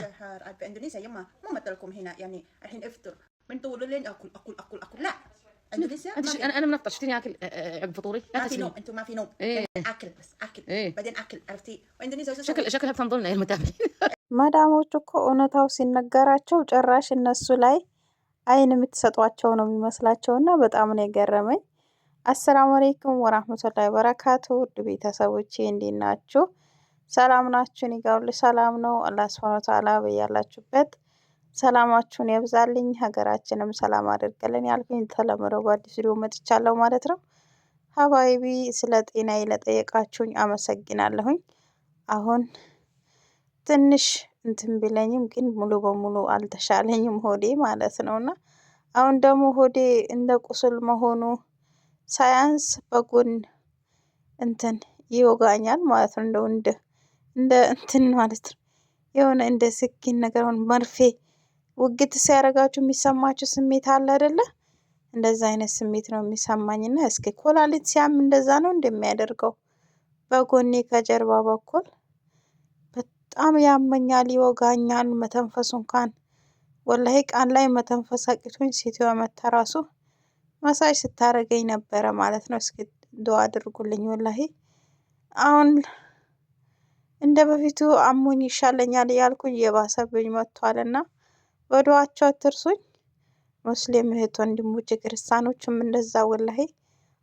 سهر في اندونيسيا يما ما مثلكم هنا يعني الحين افطر من طول الليل اكل اكل اكل اكل لا اندونيسيا انت انا انا منفطر شفتيني اكل عقب فطوري ما في نوم انتم ما في نوم إيه. اكل بس اكل إيه. بعدين اكل عرفتي واندونيسيا شكل شكلها بتنظلنا يا المتابعين ማዳሞቹ እኮ እውነታው ሲነገራቸው ጭራሽ እነሱ ላይ አይን የምትሰጧቸው ነው የሚመስላቸው እና በጣም ነው የገረመኝ። አሰላሙ አሌይኩም ወራህመቱላሂ ወበረካቱ ውድ ቤተሰቦቼ እንዴት ናችሁ? ሰላም ናችሁን? ይጋውል ሰላም ነው። አላህ ሱብሐነሁ ወተዓላ በያላችሁበት ሰላማችሁን የብዛልኝ፣ ሀገራችንም ሰላም አድርገልን ያልኩኝ ተለምዶ በአዲስ ቪዲዮ መጥቻለሁ ማለት ነው። ሀባይቢ ስለ ጤና ለጠየቃችሁኝ አመሰግናለሁኝ። አሁን ትንሽ እንትን ቢለኝም ግን ሙሉ በሙሉ አልተሻለኝም ሆዴ ማለት ነው እና አሁን ደግሞ ሆዴ እንደ ቁስል መሆኑ ሳያንስ በጎን እንትን ይወጋኛል ማለት ነው እንደ ወንድ እንደ እንትን ማለት ነው የሆነ እንደ ስኪን ነገር ሆነ መርፌ ውግት ሲያደርጋችሁ የሚሰማችሁ ስሜት አለ አይደለ? እንደዛ አይነት ስሜት ነው እና እስኪ ኮላሊት ሲያም እንደዛ ነው እንደሚያደርገው በጎኔ ከጀርባ በኩል በጣም ያመኛል፣ ይወጋኛል። መተንፈሱ እንኳን ወላሂ ቃን ላይ መተንፈስ አቅቶኝ ሴትዮ መታ ራሱ መሳጅ ስታደርገኝ ነበረ ማለት ነው። እስኪ ዱአ አድርጉልኝ ወላሂ አሁን እንደ በፊቱ አሞኝ ይሻለኛል እያልኩ እየባሰብኝ መጥቷል እና በዱዓችሁ አትርሱኝ። ሙስሊም እህት ወንድሞች ክርስቲያኖችም እንደዛ ወላሂ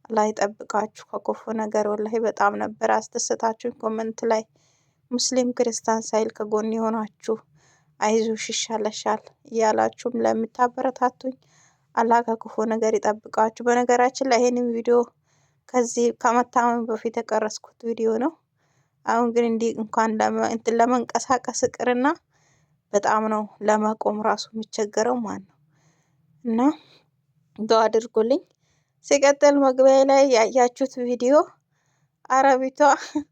አላህ ይጠብቃችሁ ከክፉ ነገር። ወላሂ በጣም ነበር አስደሰታችሁኝ ኮመንት ላይ ሙስሊም ክርስቲያን ሳይል ከጎን የሆናችሁ አይዞሽ ይሻለሻል እያላችሁም ለምታበረታቱኝ አላህ ከክፉ ነገር ይጠብቃችሁ። በነገራችን ላይ ይህንን ቪዲዮ ከዚህ ከመታመም በፊት የቀረስኩት ቪዲዮ ነው። አሁን ግን እንዲህ እንኳን እንትን ለመንቀሳቀስ እቅርና በጣም ነው ለመቆም ራሱ የሚቸገረው ማን ነው። እና ዱአ አድርጉልኝ። ሲቀጥል መግቢያ ላይ ያያችሁት ቪዲዮ አረቢቷ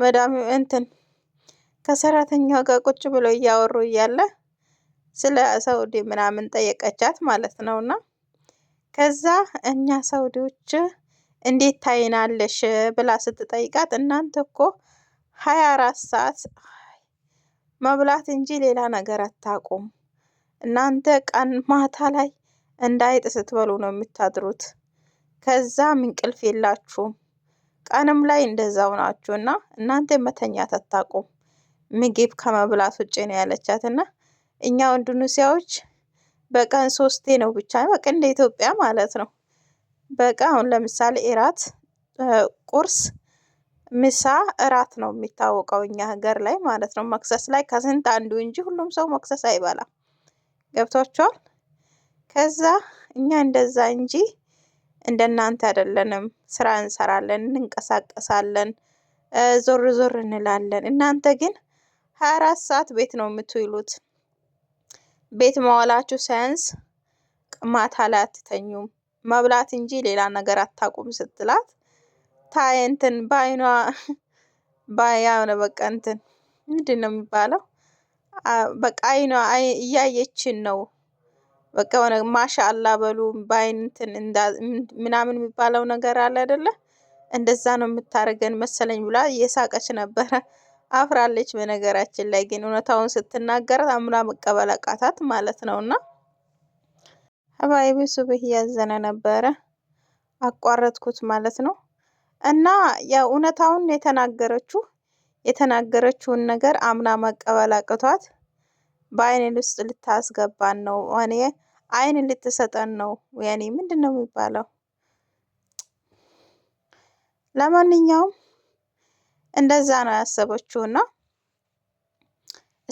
መዳም እንትን ከሰራተኛዋ ጋር ቁጭ ብለው እያወሩ እያለ ስለ ሰውዲ ምናምን ጠየቀቻት ማለት ነው። እና ከዛ እኛ ሰውዲዎች እንዴት ታይናለሽ ብላ ስትጠይቃት እናንተ እኮ ሀያ አራት ሰዓት መብላት እንጂ ሌላ ነገር አታቁም። እናንተ ቀን ማታ ላይ እንዳይጥ ስትበሉ ነው የምታድሩት። ከዛም እንቅልፍ የላችሁም። ቀንም ላይ እንደዛው ናችሁ እና እናንተ መተኛት አታቁም ምግብ ከመብላት ውጭ ነው ያለቻት እና እኛ ወንድኑ ሲያዎች በቀን ሶስቴ ነው ብቻ በቀን እንደ ኢትዮጵያ ማለት ነው በቃ አሁን ለምሳሌ እራት፣ ቁርስ፣ ምሳ፣ እራት ነው የሚታወቀው እኛ ሀገር ላይ ማለት ነው። መክሰስ ላይ ከስንት አንዱ እንጂ ሁሉም ሰው መክሰስ አይበላም። ገብቷቸዋል። ከዛ እኛ እንደዛ እንጂ እንደናንተ አይደለንም። ስራ እንሰራለን፣ እንንቀሳቀሳለን፣ ዞር ዞር እንላለን። እናንተ ግን ሀያ አራት ሰዓት ቤት ነው የምትውሉት። ቤት መዋላችሁ ሳያንስ ማታ ላይ አትተኙም። መብላት እንጂ ሌላ ነገር አታቁም ስትላት ታይ እንትን በአይኗ ባያ በቃ እንትን ምንድን ነው የሚባለው? በቃ አይኗ እያየችን ነው። በቃ የሆነ ማሻ አላ በሉ በአይን እንትን ምናምን የሚባለው ነገር አለ አይደለ? እንደዛ ነው የምታደርገን መሰለኝ ብላ እየሳቀች ነበረ። አፍራለች። በነገራችን ላይ ግን እውነታውን ስትናገር አምና መቀበል አቃታት ማለት ነው እና እባይቢ ብህ እያዘነ ነበረ። አቋረጥኩት ማለት ነው። እና ያው እውነታውን የተናገረችው የተናገረችውን ነገር አምና መቀበል አቅቷት በአይን ውስጥ ልታስገባን ነው፣ እኔ አይን ልትሰጠን ነው። ያኔ ምንድን ነው የሚባለው? ለማንኛውም እንደዛ ነው እና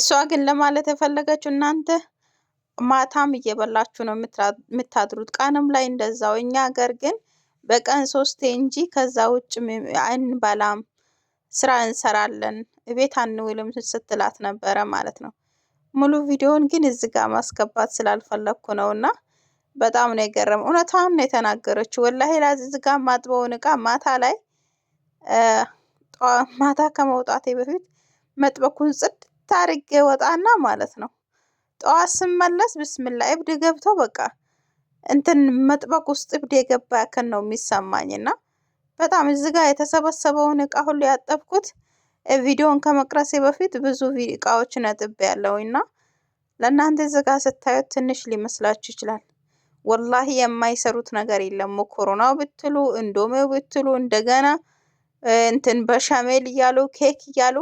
እሷ ግን ለማለት የፈለገችው እናንተ ማታም እየበላችሁ ነው የምታድሩት፣ ቀንም ላይ እንደዛው። እኛ ሀገር ግን በቀን ሶስቴ እንጂ ከዛ ውጭ አንበላም፣ ስራ እንሰራለን፣ እቤት አንውልም ስትላት ነበረ ማለት ነው። ሙሉ ቪዲዮውን ግን እዚህ ጋር ማስገባት ስላልፈለግኩ ነው እና በጣም ነው የገረመው። እውነታውን ነው የተናገረችው። ወላሂ ላዚ እዚህ ማጥበውን እቃ ማታ ላይ ማታ ከመውጣቴ በፊት መጥበኩን ጽድት አድርጌ ወጣና ማለት ነው ጠዋት ስመለስ ብስምላ እብድ ገብቶ በቃ እንትን መጥበቅ ውስጥ እብድ የገባ ያክል ነው የሚሰማኝ እና በጣም እዝጋ ጋር የተሰበሰበውን እቃ ሁሉ ያጠብኩት ቪዲዮን ከመቅረሴ በፊት ብዙ እቃዎች ነጥብ ያለውኝ እና ለእናንተ እዚህ ጋር ስታዩት ትንሽ ሊመስላችሁ ይችላል። ወላሂ የማይሰሩት ነገር የለም። መኮሮናው ብትሉ፣ እንዶሜው ብትሉ፣ እንደገና እንትን በሻሜል እያሉ ኬክ እያሉ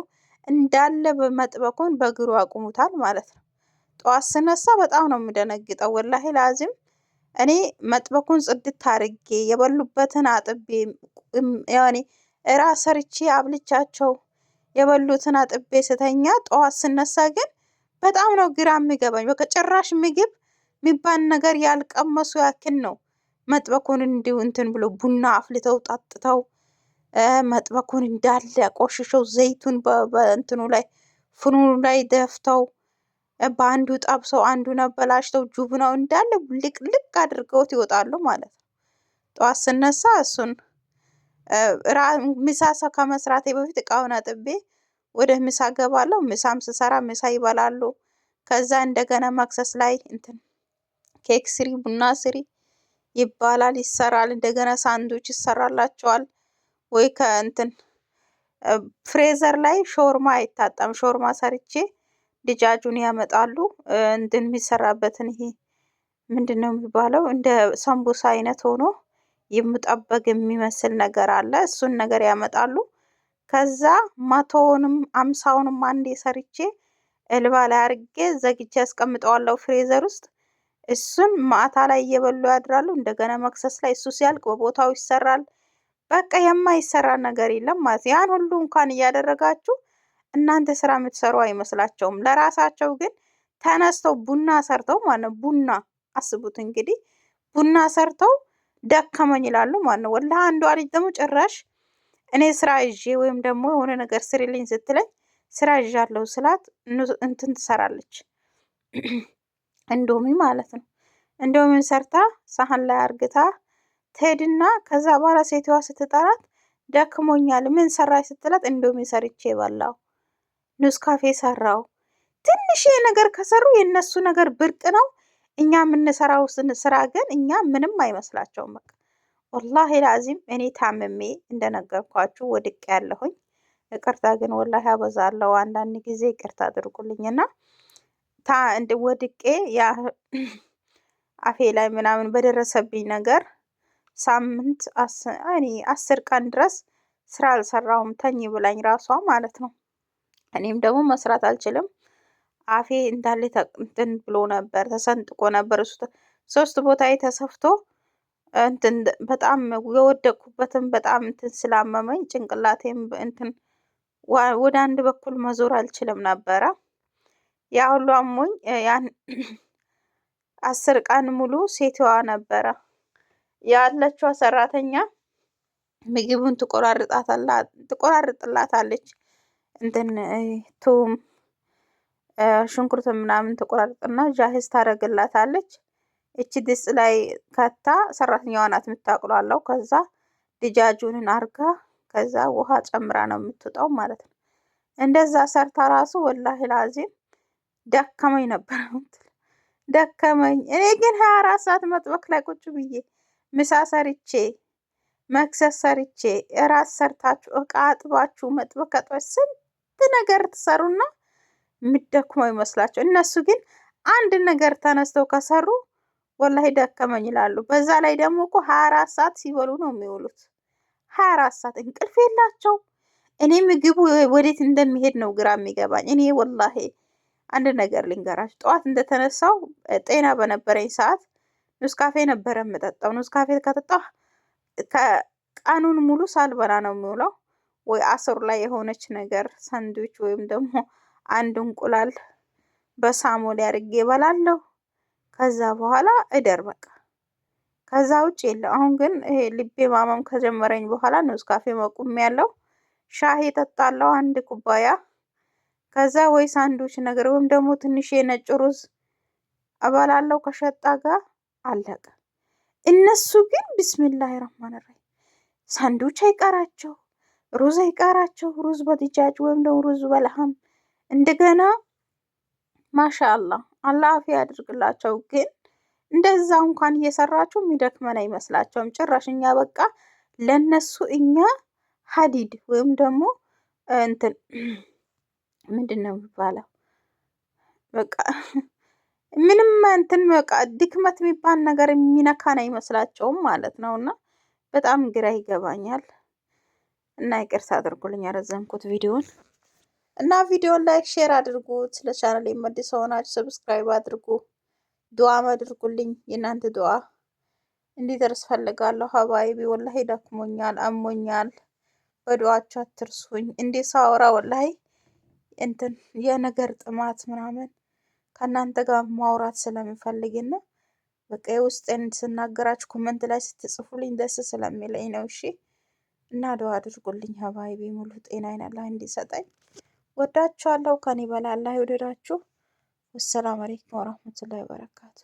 እንዳለ መጥበቁን በእግሩ አቁሙታል ማለት ነው። ጠዋት ስነሳ በጣም ነው የምደነግጠው። ወላሂ ላዚም እኔ መጥበኩን ጽድት አርጌ የበሉበትን አጥቤ ያኔ እራ ሰርቼ አብልቻቸው የበሉትን አጥቤ ስተኛ፣ ጠዋት ስነሳ ግን በጣም ነው ግራ የሚገባኝ። በቃ ጭራሽ ምግብ የሚባል ነገር ያልቀመሱ ያክል ነው መጥበኩን እንዲሁ እንትን ብሎ ቡና አፍልተው ጣጥተው መጥበኩን እንዳለ ቆሽሸው ዘይቱን በእንትኑ ላይ ፍኑኑ ላይ ደፍተው በአንዱ ጠብሰው አንዱን አበላሽተው ጁቡናው እንዳለ ልቅልቅ አድርገውት ይወጣሉ ማለት ነው። ጠዋት ስነሳ እሱን ምሳ ከመስራቴ በፊት እቃውን አጥቤ ወደ ምሳ ገባለሁ። ምሳም ስሰራ ምሳ ይበላሉ። ከዛ እንደገና መክሰስ ላይ እንትን ኬክ ስሪ፣ ቡና ስሪ ይባላል፣ ይሰራል። እንደገና ሳንዱች ይሰራላቸዋል። ወይ ከእንትን ፍሬዘር ላይ ሾርማ አይታጣም። ሾርማ ሰርቼ ልጃጁን ያመጣሉ። እንትን የሚሰራበትን ይሄ ምንድን ነው የሚባለው? እንደ ሰንቡሳ አይነት ሆኖ የሚጠበቅ የሚመስል ነገር አለ። እሱን ነገር ያመጣሉ። ከዛ መቶውንም አምሳውንም አንዴ ሰርቼ እልባ ላይ አርጌ ዘግቼ ያስቀምጠዋለው ፍሬዘር ውስጥ። እሱን ማታ ላይ እየበሉ ያድራሉ። እንደገና መክሰስ ላይ እሱ ሲያልቅ በቦታው ይሰራል። በቃ የማይሰራ ነገር የለም ማለት ያን ሁሉ እንኳን እያደረጋችሁ እናንተ ስራ የምትሰሩ አይመስላቸውም። ለራሳቸው ግን ተነስተው ቡና ሰርተው ማለት ነው። ቡና አስቡት እንግዲህ ቡና ሰርተው ደከመኝ ይላሉ ማለት ነው። ወላ አንዷ ልጅ ደግሞ ጭራሽ እኔ ስራ ይዤ ወይም ደግሞ የሆነ ነገር ስሪልኝ ስትለኝ ስራ ይዣለሁ ስላት እንትን ትሰራለች እንዶሚ ማለት ነው። እንዶሚን ሰርታ ሳህን ላይ አርግታ ትሄድና ከዛ በኋላ ሴትዋ ስትጠራት ደክሞኛል ምን ሰራች ስትላት እንዶሚ ሰርቼ በላው ኔስካፌ ሰራው። ትንሽ ነገር ከሰሩ የእነሱ ነገር ብርቅ ነው። እኛ የምንሰራው ስራ ግን እኛ ምንም አይመስላቸውም። በቃ ወላሂ ላዚም እኔ ታምሜ እንደነገርኳችሁ ወድቅ ያለሁኝ ይቅርታ ግን ወላሂ አበዛለሁ አንዳንድ ጊዜ ይቅርታ አድርጉልኝና ወድቄ ያ አፌ ላይ ምናምን በደረሰብኝ ነገር ሳምንት አስር ቀን ድረስ ስራ አልሰራሁም። ተኝ ብላኝ ራሷ ማለት ነው። እኔም ደግሞ መስራት አልችልም። አፌ እንዳለ እንትን ብሎ ነበር፣ ተሰንጥቆ ነበር። እሱ ሶስት ቦታ ተሰፍቶ እንትን በጣም የወደቅኩበትን በጣም እንትን ስላመመኝ ጭንቅላቴም እንትን ወደ አንድ በኩል መዞር አልችልም ነበረ። ያ ሁሉ አሞኝ ያን አስር ቀን ሙሉ ሴትዋ ነበረ ያለችዋ ሰራተኛ ምግቡን ትቆራርጥላታለች። እንትን ቱም ሽንኩርት ምናምን ትቆራርጥና ጃህዝ ታደርግላታለች። እቺ ድስት ላይ ከታ ሰራተኛዋ ናት የምታቅሏለው። ከዛ ድጃጁንን አርጋ ከዛ ውሃ ጨምራ ነው የምትወጣው ማለት ነው። እንደዛ ሰርታ ራሱ ወላሂ ላዚም ደከመኝ ነበር ምትል ደከመኝ። እኔ ግን ሀያ አራት ሰዓት መጥበክ ላይ ቁጭ ብዬ ምሳ ሰርቼ መክሰስ ሰርቼ እራት ሰርታችሁ እቃ አጥባችሁ መጥበክ ስንት ነገር ትሰሩና የሚደክመው ይመስላቸው። እነሱ ግን አንድ ነገር ተነስተው ከሰሩ ወላሂ ደከመኝ ይላሉ። በዛ ላይ ደግሞ እኮ ሀያ አራት ሰዓት ሲበሉ ነው የሚውሉት። ሀያ አራት ሰዓት እንቅልፍ የላቸው። እኔ ምግቡ ወዴት እንደሚሄድ ነው ግራ የሚገባኝ። እኔ ወላሂ አንድ ነገር ልንገራችሁ። ጠዋት እንደተነሳው ጤና በነበረኝ ሰዓት ኑስካፌ ነበረ የምጠጣው። ኑስካፌ ከጠጣሁ ቀኑን ሙሉ ሳልበላ ነው የሚውለው። ወይ አስር ላይ የሆነች ነገር ሳንድዊች ወይም ደግሞ አንድ እንቁላል በሳሞሌ አድርጌ እበላለሁ። ከዛ በኋላ እደር በቃ። ከዛ ውጭ የለው። አሁን ግን ይሄ ልቤ ማመም ከጀመረኝ በኋላ ነው ስካፌ መቁም ያለው ሻሂ ጠጣለው አንድ ኩባያ። ከዛ ወይ ሳንዱች ነገር ወይም ደግሞ ትንሽ የነጭ ሩዝ እበላለው ከሸጣ ጋር አለቀ። እነሱ ግን ብስሚላህ ረህማን ራሂም ሳንዱች አይቀራቸው ሩዝ አይቃራቸው። ሩዝ በድጃጅ ወይም ደግሞ ሩዝ በለሃም እንደገና ማሻአላ አላህ አፊ ያድርግላቸው። ግን እንደዛ እንኳን እየሰራችሁ የሚደክመን አይመስላቸውም ጭራሽ። እኛ በቃ ለነሱ እኛ ሀዲድ ወይም ደግሞ እንትን ምንድን ነው የሚባለው በቃ ምንም እንትን በቃ ድክመት የሚባል ነገር የሚነካን አይመስላቸውም ማለት ነው። እና በጣም ግራ ይገባኛል። እና ይቅርታ አድርጉልኝ ያረዘምኩት ቪዲዮን እና ቪዲዮን ላይክ ሼር አድርጉት። ለቻናል የመድስ ሆናችሁ ሰብስክራይብ አድርጉ። ዱዓም አድርጉልኝ። የእናንተ ዱዓ እንዲደርስ ፈልጋለሁ። ሀባይቢ ወላሂ ደክሞኛል፣ አሞኛል። በዱዓችሁ አትርሱኝ። እንዴ ሳወራ ወላሂ እንትን የነገር ጥማት ምናምን ከእናንተ ጋር ማውራት ስለምፈልግና በቃ የውስጤን ስናገራችሁ ኮመንት ላይ ስትጽፉልኝ ደስ ስለሚለኝ ነው። እሺ እና ዱዓ አድርጉልኝ ሀባይቤ ሙሉ ጤናዬን አላህ እንዲሰጠኝ። ወዳችኋለሁ። ከኔ በላይ አላህ ይውደዳችሁ። ወሰላም አለይኩም ወረህመቱላሂ ወበረካቱ።